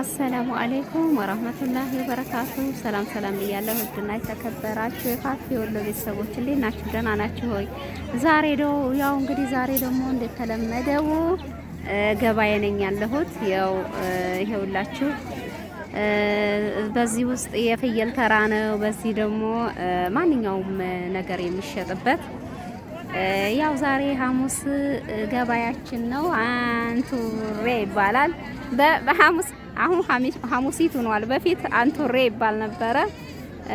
አሰላሙ አሌይኩም ወረህመቱላሂ ወበረካቱ። ሰላም ሰላም ብያለሁ። ውድና የተከበራችሁ የካፌ ወሎ ቤተሰቦች እንዴት ናችሁ? ደህና ናችሁ ሆይ? ዛሬ ደው ያው እንግዲህ ዛሬ ደግሞ እንደተለመደው ገበያ ነኝ ያለሁት። ያው ይሄውላችሁ በዚህ ውስጥ የፍየል ተራ ነው። በዚህ ደግሞ ማንኛውም ነገር የሚሸጥበት ያው ዛሬ ሐሙስ ገበያችን ነው። አንቱሬ ይባላል። በሐሙስ አሁን ሐሙሲት ሆኗል። በፊት አንቱሬ ይባል ነበረ።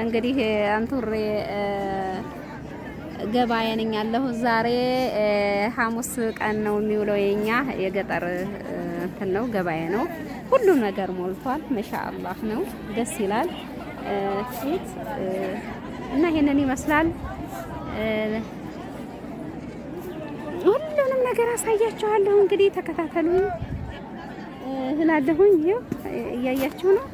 እንግዲህ አንቱሬ ገበያ ነኝ ያለሁ። ዛሬ ሐሙስ ቀን ነው የሚውለው። የኛ የገጠር እንትን ነው ገበያ ነው። ሁሉም ነገር ሞልቷል። ማሻአላህ ነው፣ ደስ ይላል። እና ይሄንን ይመስላል። ሁሉንም ነገር አሳያችኋለሁ። እንግዲህ ተከታተሉ እላለሁኝ። ይኸው እያያችሁ ነው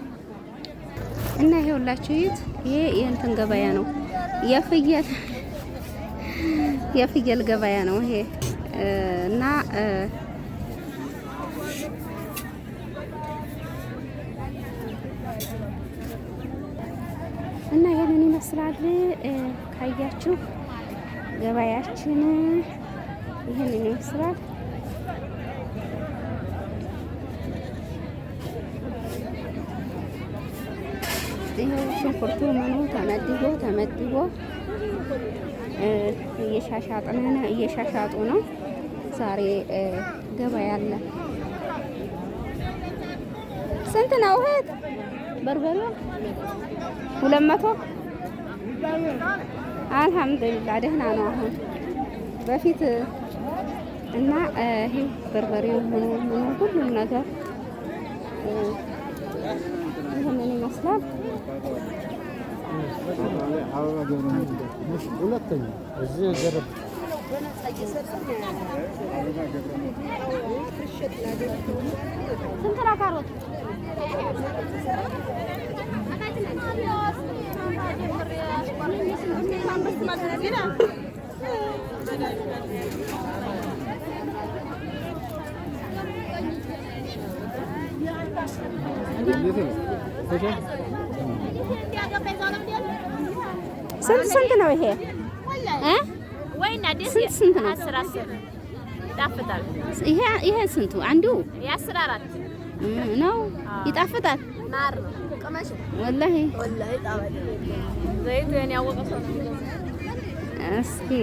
እና ይኸውላችሁ ይት ይሄ የእንትን ገበያ ነው የፍየል የፍየል ገበያ ነው ይሄ እና እና ይሄንን ይመስላል ካያችሁ ገበያችን ይህንን ይመስላል። ይኸው ሽንኩርቱ ምኑ ተመድቦ ተመድቦ እየሻሻጡ ነው። ዛሬ ገበያ አለ። ስንት ነው እህት በርበሬው? ሁለት መቶ አልሐምዱሊላህ፣ ደህና ነው አሁን በፊት እና ይሄ በርበሬው ሆኖ ሆኖ ሁሉም ነገር ይህንን ይመስላል። ስንት ነው ካሮት? ስንት ስንት ነው ይሄ? ስንት ስንት ነው? ይሄ ስንቱ አንዱ ነው። ይጣፍጣል። ወላሂ እስኪ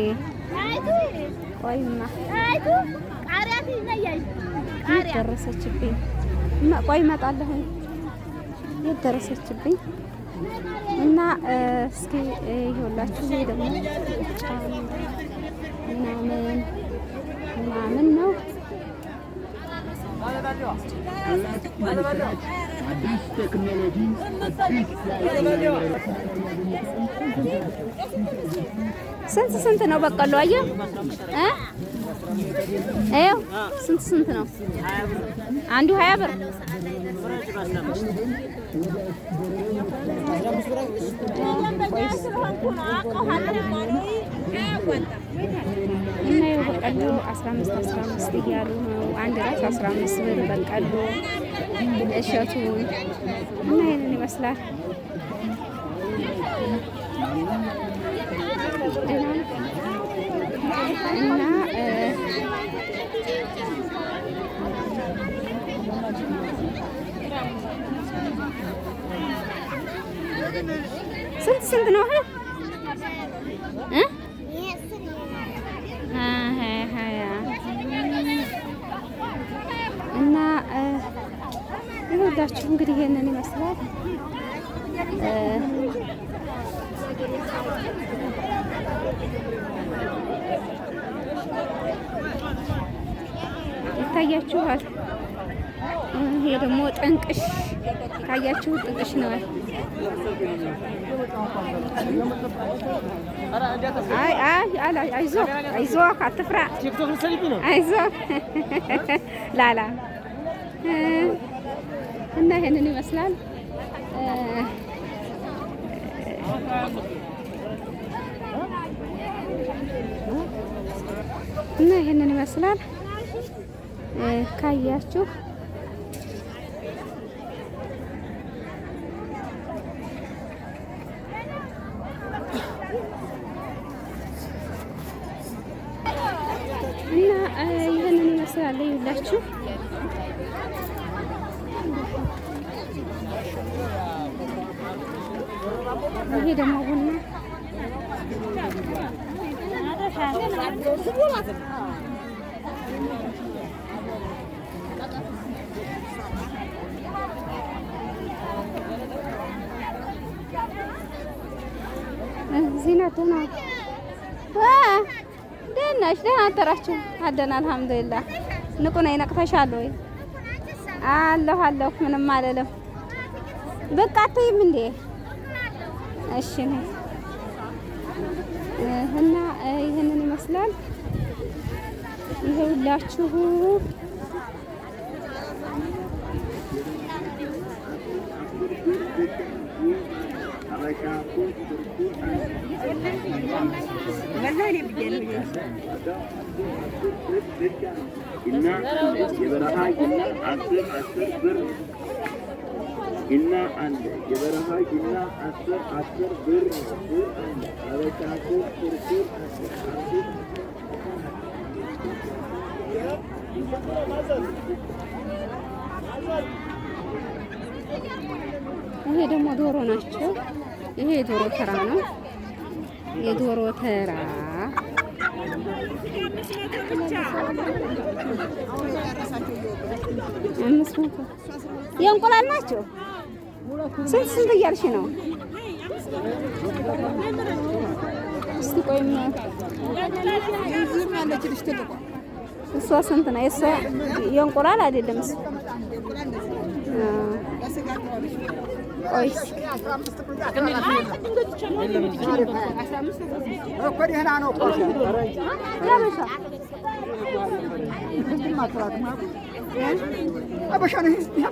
ቆይማ ደረሰችብኝ? ቆይ እመጣለሁኝ። የት ደረሰችብኝ? እና እስኪ ይኸውላችሁ ይሄ ደግሞ ምናምን ምናምን ነው አዲስ ቴክኖሎጂ አዲስ ስንት ስንት ነው በቆሎ? አየ እ ስንት ስንት ነው? አንዱ ሀያ ብር እና ይኸው በቆሎ 15 15 እያሉ ነው። አንድ ራስ 15 ብር በቆሎ እሸቱ እና ይሄንን ይመስላል። እና ስንት ስንት ነው? እና ይወዳችሁ እንግዲህ ይሄንን ይመስላል። ይታያችኋል። ይሄ ደግሞ ጥንቅሽ ታያችሁ፣ ጥንቅሽ ነዋል። አይ አይ አይዞህ አይዞህ፣ አትፍራ፣ አይዞህ ላላ እና ይሄንን ይመስላል። እና ይህንን ይመስላል ካያችሁ እና ይህንን ይመስላል ይላችሁ ይሄ ደግሞ ቡና እዚህ ነው። ደህና ደህና ነሽ? ደህና አደራችሁ? አደና አልሐምዱሊላህ። ንቁ ነይ። ነቅተሻል ወይ? አለሁ አለሁ፣ ምንም አልልም። በቃ አትይም እንዴ? እሺ እና ይመስላል። ይሄውላችሁ እና አለ የበረሃ እና አስር አስር ብር አለ አበሻኮ ኩርኩር አስር ይሄ ደግሞ ዶሮ ናቸው። ይሄ የዶሮ ተራ ነው። የዶሮ ተራ አምስት መቶ የእንቁላል ናቸው። ስንት ስንት እያልሽ ነው? እስቲ ቆይ ያለች ልጅ እሷ ስንት ነው? የእሷ የእንቁላል አይደለም እሱ ቆይ አበሻ ስንት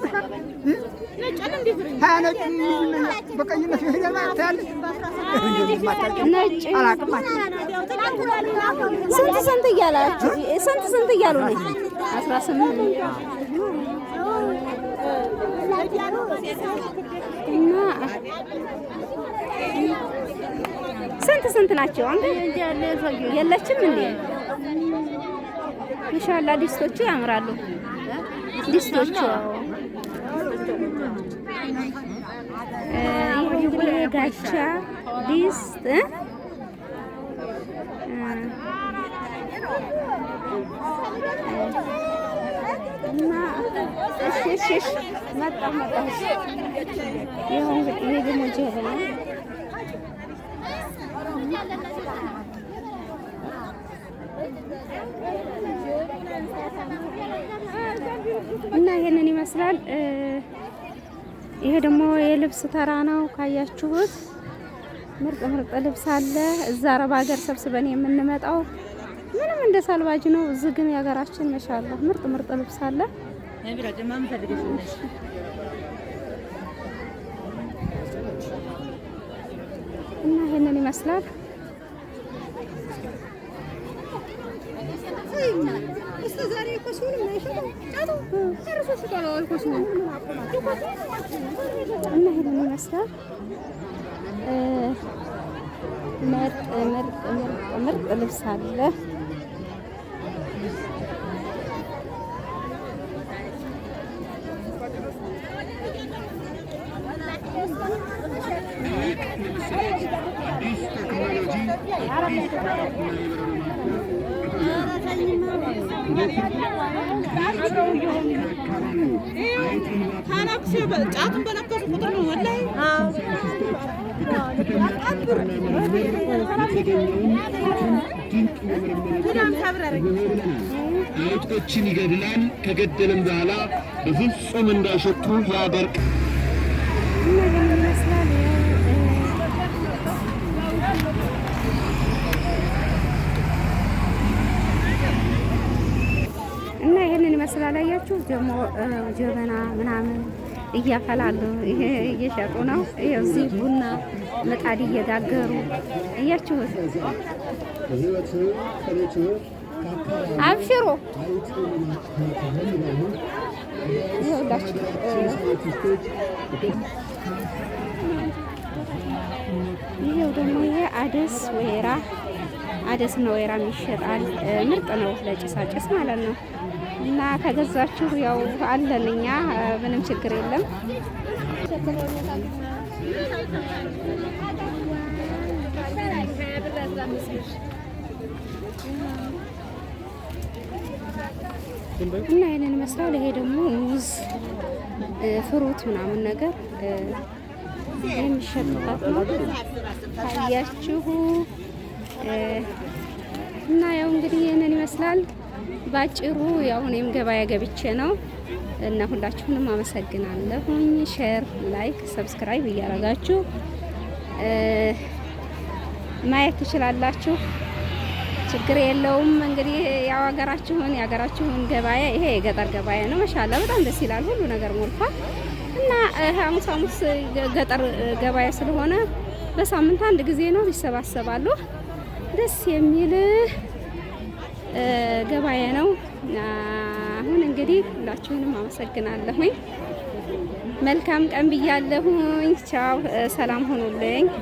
ስንት እያላችሁ ስንት ስንት እያሉ ነው? አስራ ስምንት እና ስንት ስንት ናቸው? የለችም እንዴ? ማሻአላህ ዲስቶቹ ያምራሉ። ጋቻ ዲስት እና እሺ እሺ መጣ መጣ ይሁን ይሄ ደግሞ ጀበና ነው እና ይሄንን ይመስላል። ይሄ ደግሞ የልብስ ተራ ነው ካያችሁት፣ ምርጥ ምርጥ ልብስ አለ። እዛ አረብ ሀገር ሰብስበን የምንመጣው ምንም እንደ ሳልባጅ ነው። እዚህ ግን የሀገራችን መሻላ ምርጥ ምርጥ ልብስ አለ። እና ይሄንን ይመስላል። እስከ ዛሬ ኮስ ምንም ጨርሶ ሽጧል። ኮስ ምን ይሄንን ይመስላል። ምርጥ ምርጥ ምርጥ ምርጥ ልብስ አለ። ታናክሴ ጫትን በነከሱ ቁጥር ነው ወላሂ መጥቆችን ይገድላል። ከገደለም በኋላ በፍጹም እንዳይሸቱ ያደርቅ ያላችሁ ደግሞ ጀበና ምናምን እያፈላሉ እየሸጡ ነው። እዚህ ቡና ምጣድ እየጋገሩ እያችሁ አብሽሮ ይኸውላችሁ ይሄው ደግሞ ይሄ አደስ ወይራ አደስ አደስና ወይራ የሚሸጣል። ምርጥ ነው ለጭሳጭስ ማለት ነው። እና ከገዛችሁ ያው አለን እኛ ምንም ችግር የለም። እና ይህንን ይመስላል። ይሄ ደግሞ ሙዝ፣ ፍሩት ምናምን ነገር የሚሸጥበት ነው። ታያችሁ እና ያው እንግዲህ ይህንን ይመስላል ባጭሩ። ያው እኔም ገበያ ገብቼ ነው እና ሁላችሁንም አመሰግናለሁኝ። ሼር፣ ላይክ፣ ሰብስክራይብ እያረጋችሁ ማየት ትችላላችሁ። ችግር የለውም። እንግዲህ ያው ሀገራችሁን የሀገራችሁን ገበያ ይሄ የገጠር ገበያ ነው። ማሻላ በጣም ደስ ይላል። ሁሉ ነገር ሞልቷል እና ሐሙስ ሐሙስ ገጠር ገበያ ስለሆነ በሳምንት አንድ ጊዜ ነው ይሰባሰባሉ። ደስ የሚል ገበያ ነው። አሁን እንግዲህ ሁላችሁንም አመሰግናለሁኝ። መልካም ቀን ብያለሁኝ። ቻው፣ ሰላም ሆኑልኝ።